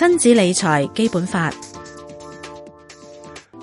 親子理財基本法，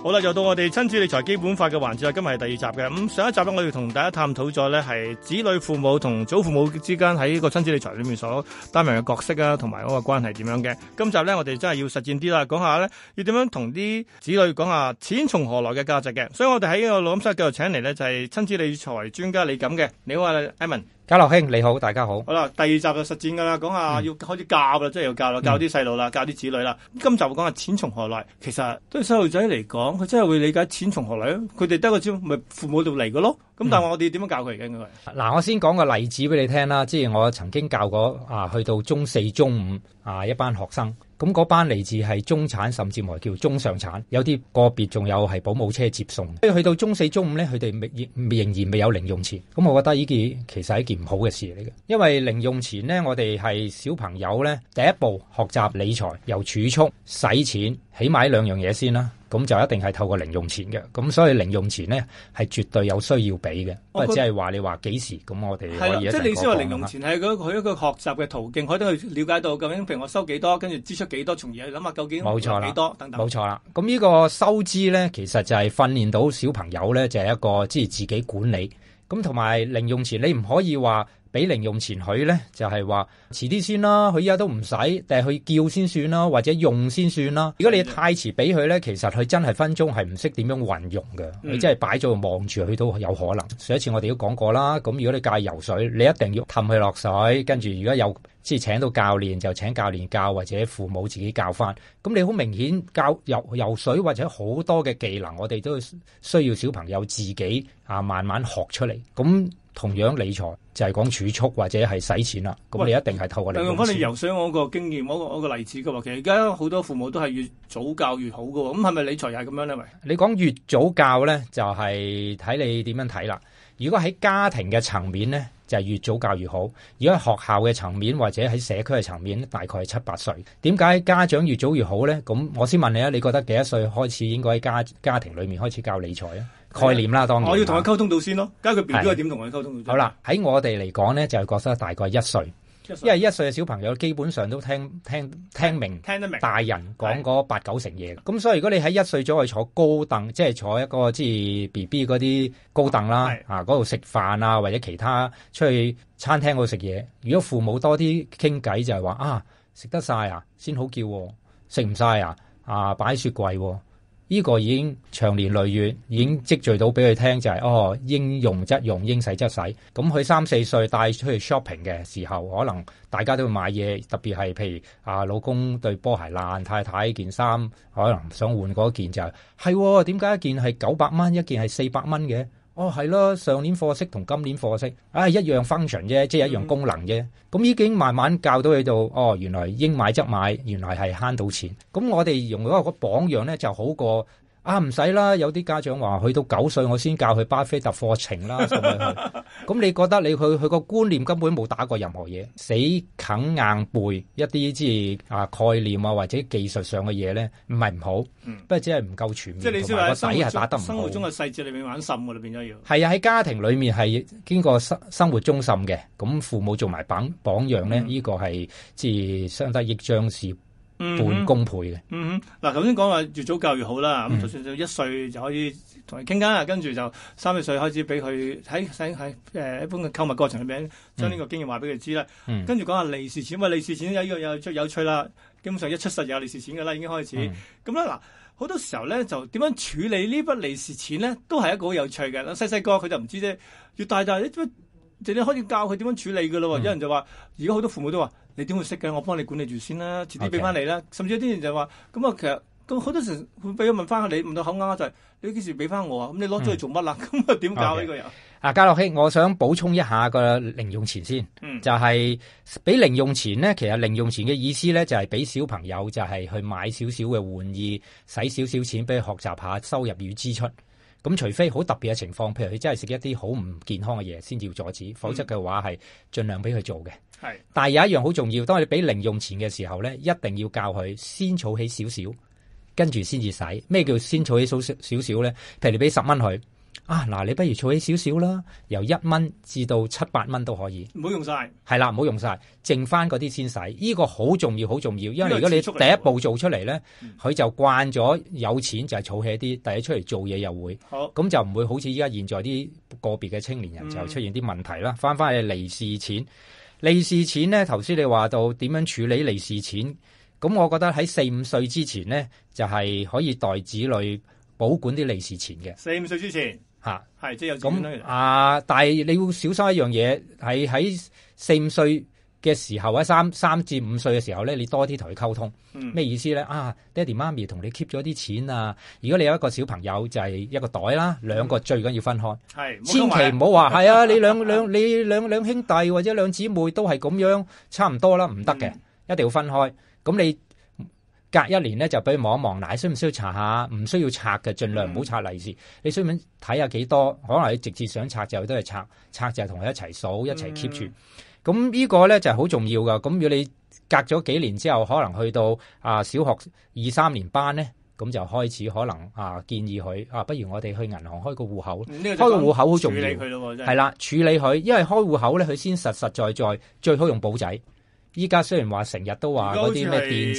好啦，就到我哋親子理財基本法嘅環節啦，今日係第二集嘅。咁上一集咧，我哋同大家探討咗咧，係子女、父母同祖父母之間喺個親子理財裏面所擔任嘅角色啊，同埋嗰個關係點樣嘅。今集咧，我哋真係要實踐啲啦，講下咧，要點樣同啲子女講下錢從何來嘅價值嘅。所以我哋喺呢個錄影室繼續請嚟咧，就係親子理財專家李錦嘅。你好啊，艾文。家樂兄你好，大家好。好啦，第二集就實踐噶啦，講下要開始教啦，嗯、即係要教啦，教啲細路啦，教啲子女啦。今集講下錢從何來，其實對細路仔嚟講，佢真係會理解錢從何來。佢哋得個招咪父母度嚟嘅咯。咁但係我哋點樣教佢而家？嗱、嗯，我先講個例子俾你聽啦。即係我曾經教過啊，去到中四、中五啊，一班學生。咁嗰班嚟自係中產，甚至乎叫中上產，有啲個別仲有係保姆車接送，所以去到中四、中五咧，佢哋仍然未有零用錢。咁我覺得呢件其實係一件唔好嘅事嚟嘅，因為零用錢咧，我哋係小朋友咧第一步學習理財，由儲蓄使錢。起碼兩樣嘢先啦，咁就一定係透過零用錢嘅，咁所以零用錢咧係絕對有需要俾嘅，唔係只係話你話幾時，咁、哦、我哋可以即係你需要零用錢係佢一個學習嘅途徑，可以去瞭解到究竟譬如我收幾多，跟住支出幾多，從而諗下究竟用幾多等等。冇錯啦，咁呢個收支咧，其實就係訓練到小朋友咧，就係、是、一個即係自己管理。咁同埋零用錢，你唔可以話。俾零用錢佢咧，就係話遲啲先啦。佢依家都唔使，但係佢叫先算啦，或者用先算啦。如果你太遲俾佢咧，其實佢真係分鐘係唔識點樣運用嘅。嗯，你真係擺咗度望住佢都有可能。上一次我哋都講過啦。咁如果你教游水，你一定要氹佢落水，跟住如果有即係請到教練就請教練教，或者父母自己教翻。咁你好明顯教游游水或者好多嘅技能，我哋都需要小朋友自己啊慢慢學出嚟。咁。同樣理財就係、是、講儲蓄或者係使錢啦，咁喂你一定係透過你用翻你游水我個經驗，嗰個例子嘅話，其實而家好多父母都係越早教越好㗎喎，咁係咪理財係咁樣咧？咪你講越早教咧，就係、是、睇你點樣睇啦。如果喺家庭嘅層面咧，就係、是、越早教越好；如果喺學校嘅層面或者喺社區嘅層面，大概係七八歲。點解家長越早越好咧？咁我先問你啊，你覺得幾多歲開始應該喺家家庭裡面開始教理財啊？概念啦，當然我、哦、要同佢溝通到先咯。咁佢 B B 點同佢溝通到先？好啦，喺我哋嚟講咧，就係覺得大概一歲，歲因為一歲嘅小朋友基本上都聽聽聽明，聽，聽，聽得明大人講嗰八九成嘢。咁的所以如果你喺一歲左右去坐高凳，即、就、係、是、坐一個即係 B B 嗰啲高凳啦，的啊嗰度食飯啊，或者其他出去餐廳嗰度食嘢。如果父母多啲傾偈，就係、是、話啊，食得晒啊，先好叫；食唔晒啊，啊擺雪櫃。呢個已經長年累月，已經積聚到俾佢聽、就是，就係哦應用則用，應使則使。咁佢三四歲帶出去 shopping 嘅時候，可能大家都會買嘢，特別係譬如啊老公對波鞋爛，太太件衫可能想換嗰件就係、是，係點解一件係九百蚊，一件係四百蚊嘅？哦，係咯，上年貨息同今年貨息，啊一樣 function 啫，即係一樣功能啫。咁已，、嗯、已經慢慢教到佢到，哦，原來應買則買，原來係慳到錢。咁我哋用一個榜樣咧，就好過。啊唔使啦，有啲家長話去到九歲我先教佢巴菲特課程啦。咁、 嗯、你覺得你佢佢個觀念根本冇打過任何嘢，死啃硬，硬背一啲即係啊概念啊或者技術上嘅嘢咧，唔係唔好，嗯、不過只係唔夠全面，同埋個底係打得唔好。生活中嘅細節裏面玩滲嘅啦，變咗要係啊喺家庭裏面係經過生生活中滲嘅，咁父母做埋榜榜樣咧，呢、嗯、個係即係相得益彰是。半功倍嘅、嗯。嗯，嗱，頭先講話越早教越好啦。咁就算就一歲就可以同佢傾偈啦，跟住、嗯、就三歲歲開始俾佢喺喺誒，一般嘅購物過程裏面，將呢個經驗話俾佢知啦。跟住講下利是錢，因利是錢有呢個有最有趣啦。基本上一出世就有利是錢嘅啦，已經開始。咁啦、嗯，嗱，好多時候咧就點樣處理筆呢筆利是錢咧，都係一個好有趣嘅。細細個佢就唔知啫，越大，大你就咧，就你開始教佢點樣處理噶咯。有、嗯、人就話，而家好多父母都話。你點會識嘅？我幫你管理住先啦，遲啲俾翻你啦。Okay. 甚至有啲人就話：咁啊，其實咁好多時會俾佢問翻你，唔到口啱就係、是、你幾時俾翻我啊？咁你攞咗去做乜啦？咁啊、嗯，點教呢個人？啊，家樂兄，我想補充一下個零用錢先，嗯、就係俾零用錢咧。其實零用錢嘅意思咧，就係、是、俾小朋友就係去買少少嘅玩意，使少少錢俾佢學習下收入與支出。咁除非好特別嘅情況，譬如佢真係食一啲好唔健康嘅嘢，先至要阻止。嗯、否則嘅話係盡量俾佢做嘅。係，是的 但係有一樣好重要，當你俾零用錢嘅時候咧，一定要教佢先儲起少少，跟住先至使。咩叫先儲起少少少咧？譬如你俾十蚊佢。啊嗱，你不如儲起少少啦，由一蚊至到七八蚊都可以，唔好用晒，係啦，唔好用晒，剩翻嗰啲先使，呢個好重要，好重要，因為如果你第一步做出嚟，咧，佢就慣咗有錢就係儲起啲，第日出嚟做嘢又會，咁好就唔會好似依家現在啲個別嘅青年人就出現啲問題啦，翻翻、嗯、去利是錢，利是錢咧，頭先你話到點樣處理利是錢，咁我覺得喺四五歲之前咧，就係可以代子女。保管啲利是錢嘅，四五歲之前，吓係 即係有咁、嗯、啊！但係你要小心一樣嘢，係喺四五歲嘅時候，或者三三至五歲嘅時候咧，你多啲同佢溝通，咩意思咧？啊，爹哋媽咪同你 keep 咗啲錢啊！如果你有一個小朋友就係、是、一個袋啦，兩、嗯、個最緊要,要分開，係千祈唔好話係啊！你兩兩你兩兩兄弟或者兩姊妹都係咁樣，差唔多啦，唔得嘅，一定要分開。咁你。隔一年咧就俾佢望一望，嗱，需唔需要查下？唔需要拆嘅，盡量唔好拆利是。嗯、你需要唔睇下幾多？可能你直接想拆就都係拆，拆就同佢一齊數一齊 keep 住。咁、嗯、呢個咧就係、是，好重要噶。咁如果你隔咗幾年之後，可能去到啊小學二三年班咧，咁就開始可能啊建議佢啊，不如我哋去銀行開個戶口，嗯，這個、開個戶、戶口好重要。處理佢咯，真係。係啦，處理佢，因為開戶口咧，佢先實實在、在在，最好用簿仔。依家雖然話成日都話嗰啲咩電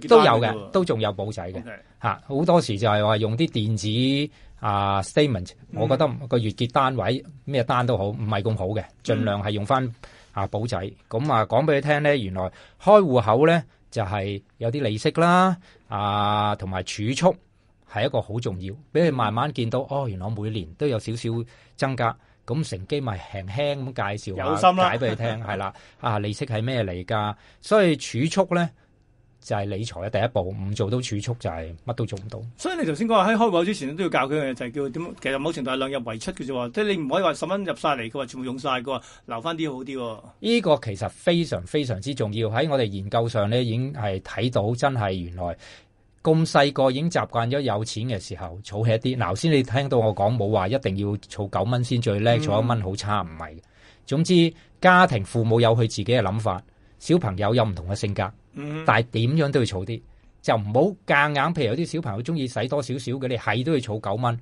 子都有嘅，都仲有簿仔嘅吓，好多時就係話用啲電子啊 statement，我覺得個月結單位咩單都好，唔係咁好嘅，盡量係用翻、嗯、啊簿仔。咁啊講俾你聽咧，原來開戶口咧就係有啲利息啦，啊同埋儲蓄係一個好重要，俾你慢慢見到哦，原來每年都有少少增加。咁乘機咪輕輕咁介紹有心解俾佢聽，係啦，啊利息係咩嚟噶？所以儲蓄咧就係、是、理財嘅第一步，唔做都儲蓄就係乜都做唔到。所以你頭先講喺開戶之前都要教佢嘅嘢，就係、是、叫點？其實某程度係量入為出嘅啫，即係你唔可以話十蚊入晒嚟嘅話，全部用晒，嘅話，留翻啲好啲、哦。呢個其實非常非常之重要，喺我哋研究上咧，已經係睇到真係原來。咁細個已經習慣咗有錢嘅時候儲起一啲，頭先你聽到我講冇話一定要儲九蚊先最叻，儲一蚊好差唔係嘅。總之家庭父母有佢自己嘅諗法，小朋友有唔同嘅性格，mm hmm. 但係點樣都要儲啲，就唔好夾硬。譬如有啲小朋友中意使多少少嘅，你係都要儲九蚊，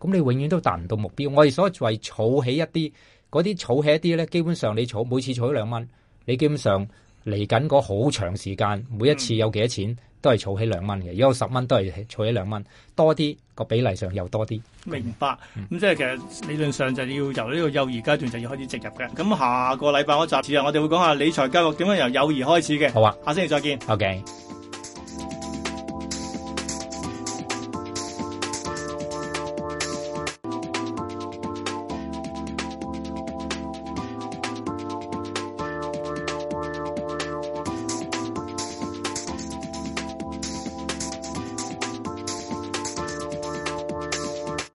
咁你永遠都達唔到目標。我哋所謂儲起一啲，嗰啲儲起一啲咧，基本上你儲每次儲兩蚊，你基本上。嚟緊嗰好長時間，每一次有幾多錢都係儲起兩蚊嘅，如果有十蚊都係儲起兩蚊，多啲，個比例上又多啲。明白，咁、嗯、即係其實理論上就要由呢個幼兒階段就要開始植入嘅。咁下個禮拜嗰集次啊，我哋會講下理財教育點樣由幼兒開始嘅。好啊，下星期再見。OK。